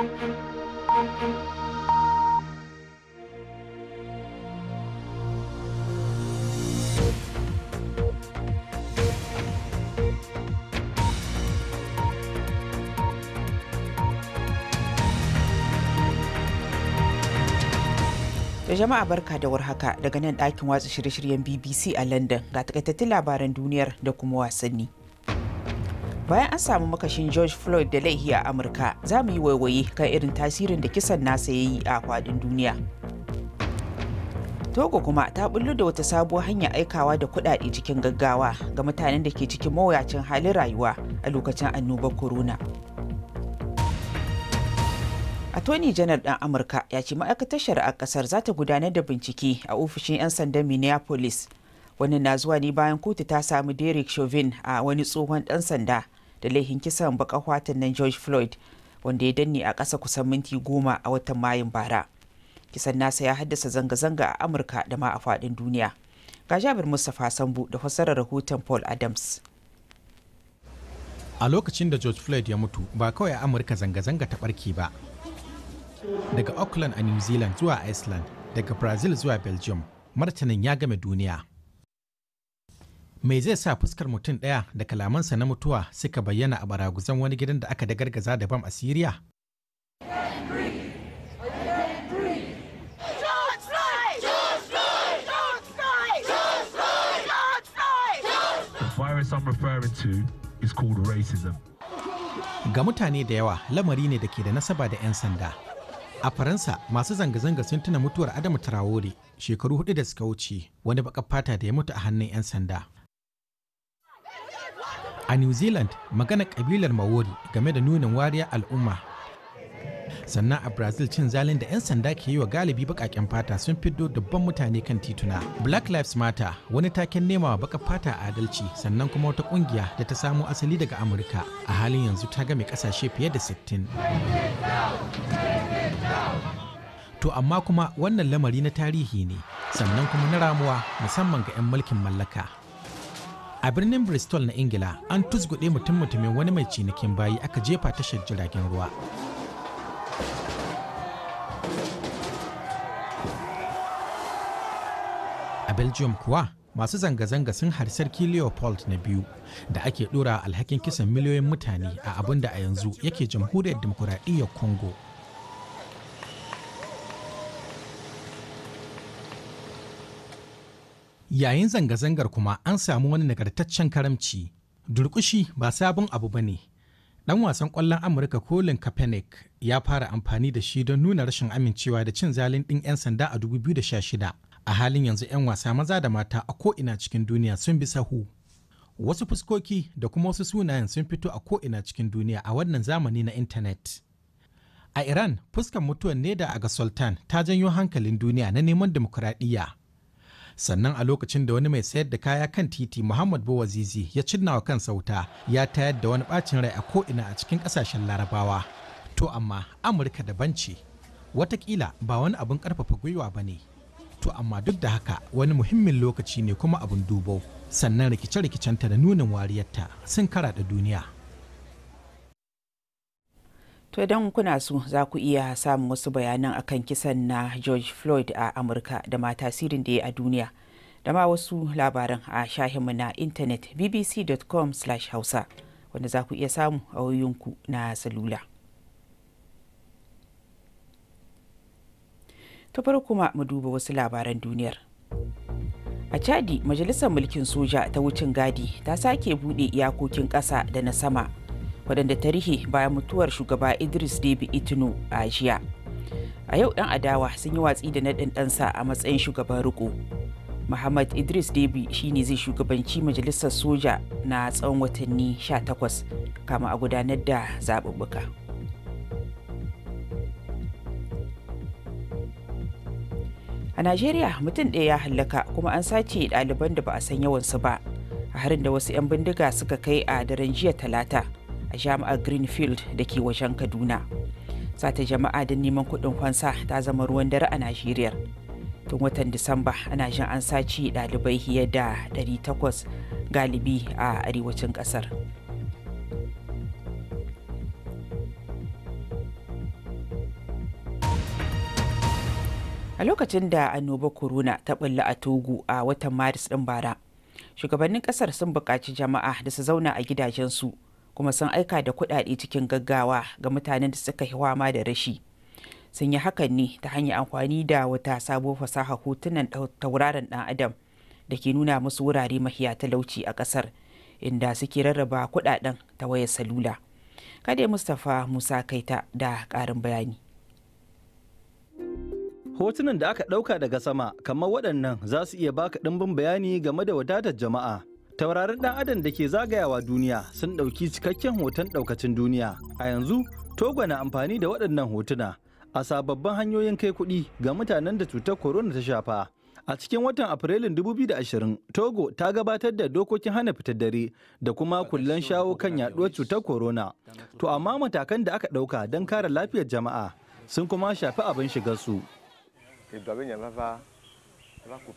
da jama'a barka da warhaka daga nan ɗakin watsa shirye-shiryen bbc a london ga takaitattun labaran duniyar da kuma wasanni bayan an samu makashin george floyd da laihi a amurka za mu yi waiwaye kan irin tasirin da kisan nasa ya yi a fadin duniya togo kuma ta bullo da wata sabuwar hanyar aikawa da kuɗaɗe cikin gaggawa ga mutanen da ke cikin mawuyacin halin rayuwa a lokacin annobar corona attorney janar ɗan amurka ya ce ma'aikatar shari'ar ƙasar za ta gudanar da bincike a ofishin 'yan sandan minneapolis wannan na zuwa ne bayan kotu ta samu derek chauvin a wani tsohon ɗan sanda da laihin kisan baka watan nan george floyd wanda ya danne a ƙasa kusan minti goma a watan mayun bara kisan nasa ya haddasa zanga-zanga a amurka da ma a faɗin duniya ga jabir mustapha sambu da fassarar rahoton paul adams a lokacin da george floyd ya mutu ba kawai a amurka zanga-zanga ta ɓarki ba daga auckland a new zealand zuwa iceland daga brazil zuwa belgium martanin ya game duniya Mai zai sa fuskar mutum ɗaya da kalamansa na mutuwa suka bayyana a baraguzan wani gidan da aka dagargaza da bam a siriya Ga mutane da yawa lamari ne da ke da nasaba da 'yan sanda. A Faransa masu zanga-zanga sun tuna mutuwar Adamu Traore shekaru hudu da suka wuce wani baka fata da ya mutu a hannun 'yan sanda. a new zealand magana kabilar maori game da nunin wariyar al'umma sannan a brazil cin zalin da 'yan sanda ke yi wa galibi bakaken fata sun fiddo dubban mutane kan tituna black lives matter wani taken nema wa baka fata a adalci sannan kuma wata kungiya da ta samo asali daga amurka a halin yanzu ta game kasashe fiye da 60 to amma kuma wannan lamari na tarihi ne sannan kuma na ramuwa musamman ga 'yan mulkin mallaka a birnin bristol na ingila an tuzgude mutum-mutumin wani mai cinikin bayi aka jefa tashar jiragen ruwa a belgium kuwa masu zanga-zanga sun har sarki leopold na biyu da ake dora alhakin kisan miliyoyin mutane a abin da a yanzu yake jamhuriyar demokuraɗiyyar congo yayin zanga-zangar kuma an samu wani nagartaccen karamci durkushi ba sabon abu ba ne dan wasan ƙwallon amurka colin kaepernick ya fara amfani da shi don nuna rashin amincewa da cin zalin ɗin 'yan sanda a 2016 a halin yanzu 'yan wasa maza da mata a ko'ina cikin duniya sun bi sahu wasu fuskoki da kuma wasu sunayen sun fito a ko'ina cikin duniya a wannan zamani na intanet a iran fuskar mutuwar ne da aga sultan ta janyo hankalin duniya na neman dimokuraɗiyya sannan a lokacin da wani mai sayar da kaya kan titi muhammad bawazizi ya cinna wa kansa wuta ya tayar da wani bacin rai a ko'ina a cikin kasashen larabawa to amma amurka daban ce watakila ba wani abin karfafa gwiwa ba ne to amma duk da haka wani muhimmin lokaci ne kuma abin dubo sannan rikice-rikicenta da nunin wariyarta sun kara da duniya To idan kuna su za ku iya samun wasu bayanan akan kisan na George Floyd a Amurka da ma tasirin da ya a duniya. Da ma wasu labaran a shahinmu na intanet bbc.com/hausa wanda za ku iya samu a wayoyinku na salula. Ta faru kuma mu duba wasu labaran duniyar. A Chadi, Majalisar Mulkin Soja ta wucin gadi ta sake buɗe iyakokin ƙasa da na sama. waɗanda ta rihe bayan mutuwar shugaba idris debi itinu a jiya a yau 'yan adawa sun yi watsi da naɗin ɗansa a matsayin shugaban riko Muhammad Idris Deby shine zai shugabanci majalisar soja na tsawon watanni 18 kama a gudanar da zaɓuɓɓuka. A Najeriya mutum ɗaya ya hallaka kuma an sace ɗaliban da ba a san yawansu ba a harin da wasu 'yan bindiga suka kai a daren jiya talata a jami'ar greenfield da ke wajen kaduna sata jama'a da neman kuɗin kwansa ta zama ruwan dare a najeriya tun watan disamba ana jin an sace ɗalibai fiye da 800 galibi a arewacin ƙasar a lokacin da annoba corona ta bulla a togo a watan maris ɗin bara shugabannin ƙasar sun buƙaci jama'a da su zauna a gidajensu kuma sun aika da kudade cikin gaggawa ga mutanen da suka yi da rashi sun yi hakan ne ta hanyar amfani da wata sabuwar fasaha hotunan tauraron dan adam da ke nuna musu wurare mahiya talauci a kasar inda suke rarraba kudaden ta wayar salula kade mustapha musa kaita da karin bayani hotunan da aka ɗauka daga sama kamar waɗannan za su iya baka ɗimbin bayani game da wadatar jama'a taurarin dan adam da ke zagayawa duniya sun dauki cikakken hoton daukacin duniya a yanzu togo na amfani da waɗannan hotuna a sababbin hanyoyin kai kuɗi ga mutanen da cutar corona ta shafa a cikin watan afrilun 2020 togo ta gabatar da dokokin hana fitar dare da kuma kullen shawo kan yaduwar cutar corona to amma matakan da aka dauka don kare lafiyar jama'a sun kuma shafi abin shigarsu. su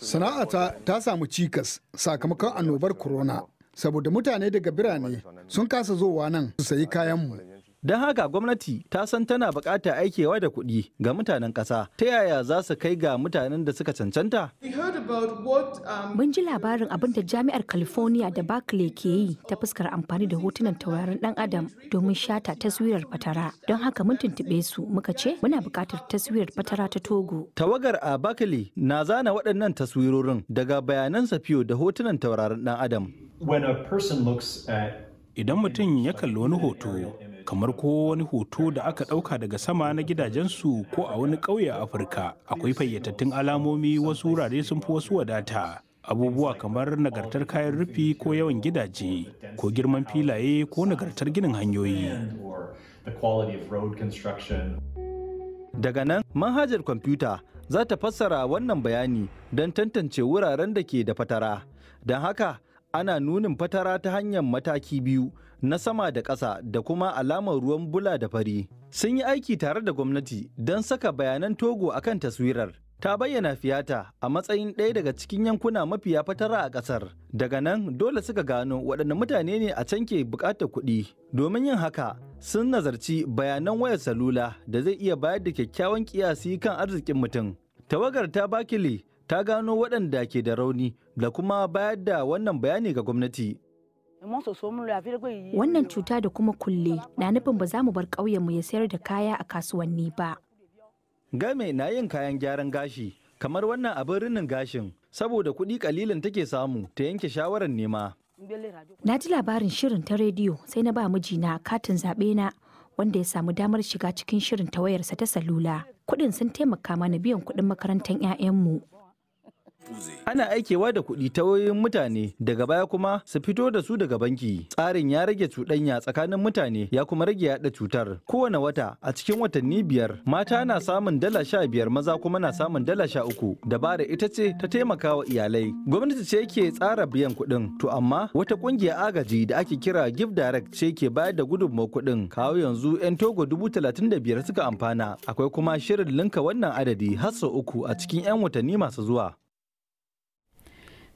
Sana'ata ta samu cikas sakamakon annobar corona saboda mutane daga birane sun kasa zowa nan su sayi kayanmu. Don haka gwamnati ta san tana buƙatar aikewa da kuɗi ga mutanen ƙasa. Ta yaya za su kai ga mutanen da suka cancanta? Um, mun ji labarin abin da Jami'ar California da Berkeley ke yi ta fuskar amfani da hotunan tauraron ɗan Adam domin shata taswirar fatara. Don haka mun tuntuɓe su muka ce muna buƙatar taswirar fatara ta Togo. Tawagar a Berkeley na zana waɗannan taswirorin daga bayanan safiyo da hotunan tauraron ɗan Adam. Idan mutum ya kalli wani hoto kamar ko wani hoto da aka ɗauka daga sama na gidajensu ko a wani ƙauye a afirka akwai fayyatattun alamomi wasu wurare sun fi wasu wadata abubuwa kamar nagartar kayan rufi ko yawan gidaje ko girman filaye ko nagartar ginin hanyoyi daga nan manhajar kwamfuta za ta fassara wannan bayani don tantance wuraren da ke da fatara don haka ana nunin fatara ta hanyar mataki biyu na sama da ƙasa da kuma alamar ruwan bula da fari sun yi aiki tare da gwamnati don saka bayanan togo a kan taswirar ta bayyana fiyata a matsayin ɗaya daga cikin yankuna mafiya fatara a ƙasar daga nan dole suka gano waɗanne mutane ne a can ke buƙatar kuɗi domin yin haka sun nazarci bayanan wayar salula da zai iya bayar da kyakkyawan ƙiyasi kan arzikin mutum tawagar ta bakile ta gano waɗanda ke da rauni da kuma bayar da wannan bayani ga gwamnati Wannan cuta da kuma kulle na nufin ba za mu bar ƙauyenmu ya sayar da kaya a kasuwanni ba. Game na yin kayan gyaran gashi kamar wannan abin rinin gashin saboda kuɗi kalilin take samu ta yanke shawarar nema. Na ji labarin shirin ta rediyo sai na ba mijina katin zaɓe na wanda ya samu damar shiga cikin shirin ta wayarsa ta salula. Kuɗin sun taimaka mana biyan kuɗin makarantar 'ya'yanmu. Ana aikewa da kuɗi ta wayoyin mutane daga baya kuma su fito da su daga banki. Tsarin ya rage cuɗanya tsakanin mutane ya kuma rage yaɗa cutar. Kowane wata a cikin watanni biyar mata na samun dala sha biyar maza kuma na samun dala sha uku. Dabara ita ce ta taimaka wa iyalai. Gwamnati ce ke tsara biyan kuɗin to amma wata ƙungiyar agaji da ake kira Give Direct ce ke bayar da gudunmawar kuɗin. Kawo yanzu 'yan Togo dubu talatin da biyar suka amfana. Akwai kuma shirin linka wannan adadi har sau uku a cikin 'yan watanni masu zuwa.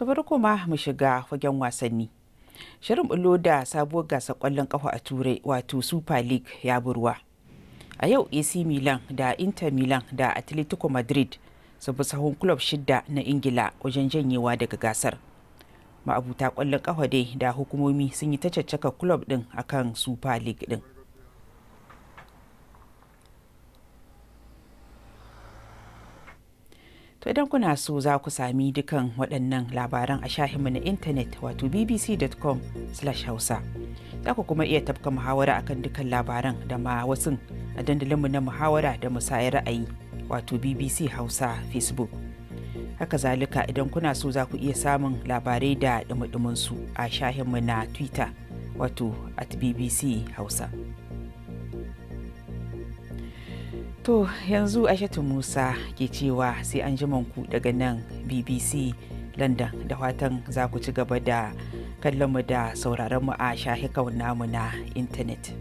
ta ma mu shiga fagen wasanni shirin bullo da sabuwar gasar kwallon kafa a turai wato super league ya burwa a yau ac milan da inter milan da atletico madrid su fi sahun club shida na ingila wajen janyewa daga gasar ma'abuta kwallon kafa dai da hukumomi sun yi ta caccaka club din akan super league din To idan kuna so za ku sami dukan waɗannan labaran a shahinmu na intanet wato bbc.com hausa. Za ku kuma iya tafka muhawara akan dukan labaran da ma wasu a dandalinmu na muhawara da musayar ra'ayi wato BBC Hausa Facebook. Haka zalika idan kuna so za ku iya samun labarai da dumudumunsu a shahinmu na Twitter wato at BBC Hausa. To yanzu Aishatu Musa ke cewa sai an ji manku daga nan BBC London da watan za ku ci gaba da kallon mu da sauraron mu a shahikan namu na intanet.